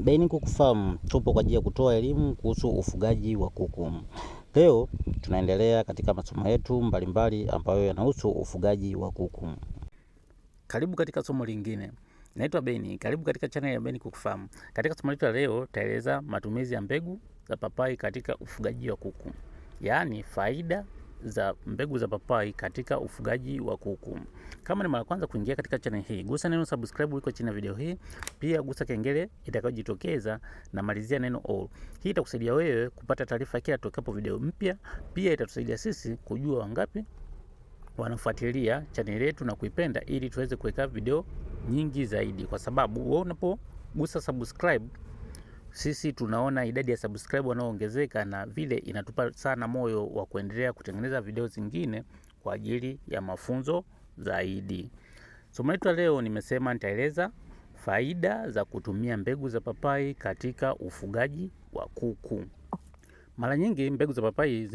beni Kufamu tupo kwa ajili ya kutoa elimu kuhusu ufugaji wa kuku. Leo tunaendelea katika masomo yetu mbalimbali ambayo yanahusu ufugaji wa kuku. Karibu katika somo lingine. Naitwa Beni, karibu katika channel ya Beni Kuku Farm. Katika somo letu la leo taeleza matumizi ya mbegu za papai katika ufugaji wa kuku, yaani faida za mbegu za papai katika ufugaji wa kuku. Kama ni mara kwanza kuingia katika channel hii, gusa neno subscribe liko chini ya video hii, pia gusa kengele itakayojitokeza na malizia neno all. Hii itakusaidia wewe kupata taarifa kila tokapo video mpya, pia itatusaidia sisi kujua wangapi wanafuatilia chaneli yetu na kuipenda, ili tuweze kuweka video nyingi zaidi, kwa sababu wewe unapogusa subscribe sisi tunaona idadi ya subscribe wanaoongezeka na vile inatupa sana moyo wa kuendelea kutengeneza video zingine kwa ajili ya mafunzo zaidi. Somo letu leo nimesema nitaeleza faida za kutumia mbegu za papai katika ufugaji wa kuku. Mara nyingi mbegu za papai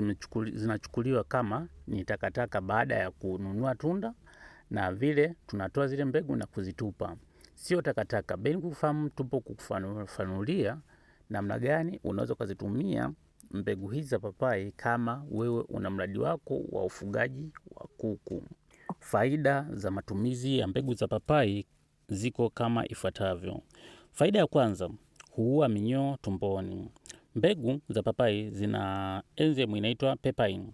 zinachukuliwa kama ni takataka baada ya kununua tunda, na vile tunatoa zile mbegu na kuzitupa sio takataka. Beni Kukufahamu tupo kukufanulia namna gani unaweza ukazitumia mbegu hizi za papai kama wewe una mradi wako wa ufugaji wa kuku. Faida za matumizi ya mbegu za papai ziko kama ifuatavyo. Faida ya kwanza, huua minyoo tumboni. Mbegu za papai zina enzyme inaitwa pepain.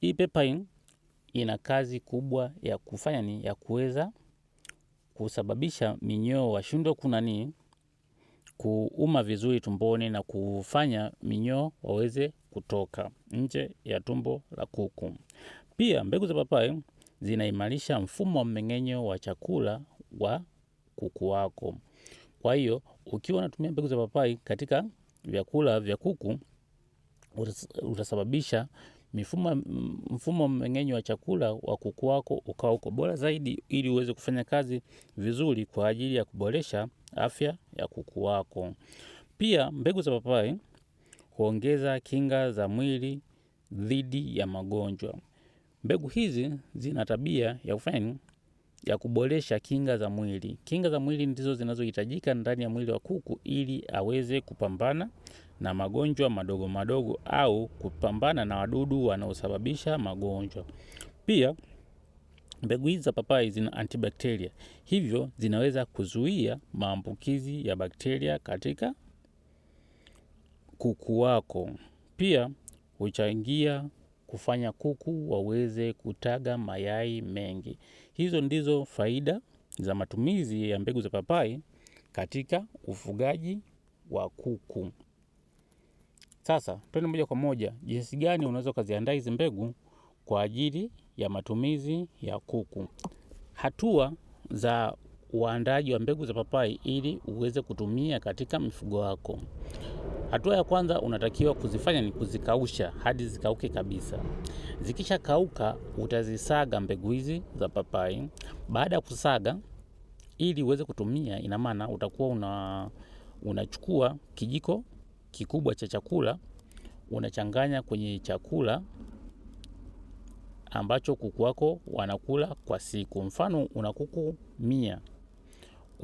Hii pepain ina kazi kubwa ya kufanya ni ya kuweza kusababisha minyoo washindwe kunani kuuma vizuri tumboni na kufanya minyoo waweze kutoka nje ya tumbo la kuku. Pia mbegu za papai zinaimarisha mfumo wa mmeng'enyo wa chakula wa kuku wako. Kwa hiyo ukiwa unatumia mbegu za papai katika vyakula vya kuku utasababisha mifumo mfumo mmeng'enyo wa chakula wa kuku wako ukawa uko bora zaidi, ili uweze kufanya kazi vizuri kwa ajili ya kuboresha afya ya kuku wako. Pia mbegu za papai huongeza kinga za mwili dhidi ya magonjwa. Mbegu hizi zina tabia ya kufanya ya kuboresha kinga za mwili. Kinga za mwili ndizo zinazohitajika ndani ya mwili wa kuku ili aweze kupambana na magonjwa madogo madogo au kupambana na wadudu wanaosababisha magonjwa. Pia mbegu hizi za papai zina antibakteria, hivyo zinaweza kuzuia maambukizi ya bakteria katika kuku wako. Pia huchangia kufanya kuku waweze kutaga mayai mengi. Hizo ndizo faida za matumizi ya mbegu za papai katika ufugaji wa kuku. Sasa twende moja kwa moja, jinsi gani unaweza ukaziandaa hizi mbegu kwa ajili ya matumizi ya kuku. Hatua za uandaji wa mbegu za papai ili uweze kutumia katika mifugo wako. Hatua ya kwanza unatakiwa kuzifanya ni kuzikausha hadi zikauke kabisa. Zikisha kauka, utazisaga mbegu hizi za papai. Baada ya kusaga, ili uweze kutumia, ina maana utakuwa una unachukua kijiko kikubwa cha chakula unachanganya kwenye chakula ambacho kuku wako wanakula kwa siku. Mfano una kuku mia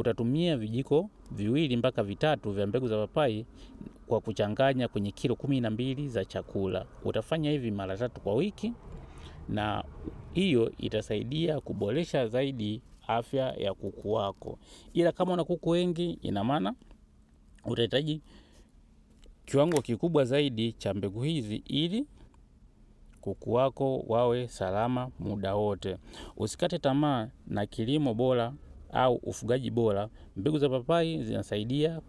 Utatumia vijiko viwili mpaka vitatu vya mbegu za papai kwa kuchanganya kwenye kilo kumi na mbili za chakula. Utafanya hivi mara tatu kwa wiki, na hiyo itasaidia kuboresha zaidi afya ya kuku wako. Ila kama una kuku wengi, ina maana utahitaji kiwango kikubwa zaidi cha mbegu hizi ili kuku wako wawe salama muda wote. Usikate tamaa na kilimo bora au ufugaji bora, mbegu za papai zinasaidia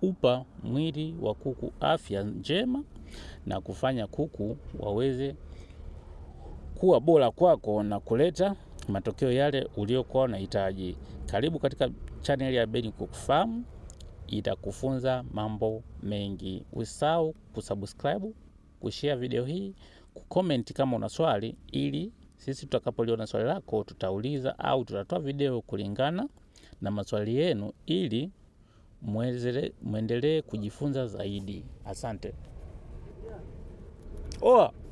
kuupa mwili wa kuku afya njema na kufanya kuku waweze kuwa bora kwako na kuleta matokeo yale uliokuwa unahitaji. Karibu katika channel ya Ben Kuku Farm, itakufunza mambo mengi. Usisahau kusubscribe, kushare video hii, kucomment kama una swali ili sisi tutakapoliona swali lako, tutauliza au tutatoa video kulingana na maswali yenu ili mwendelee kujifunza zaidi. Asante. Oa.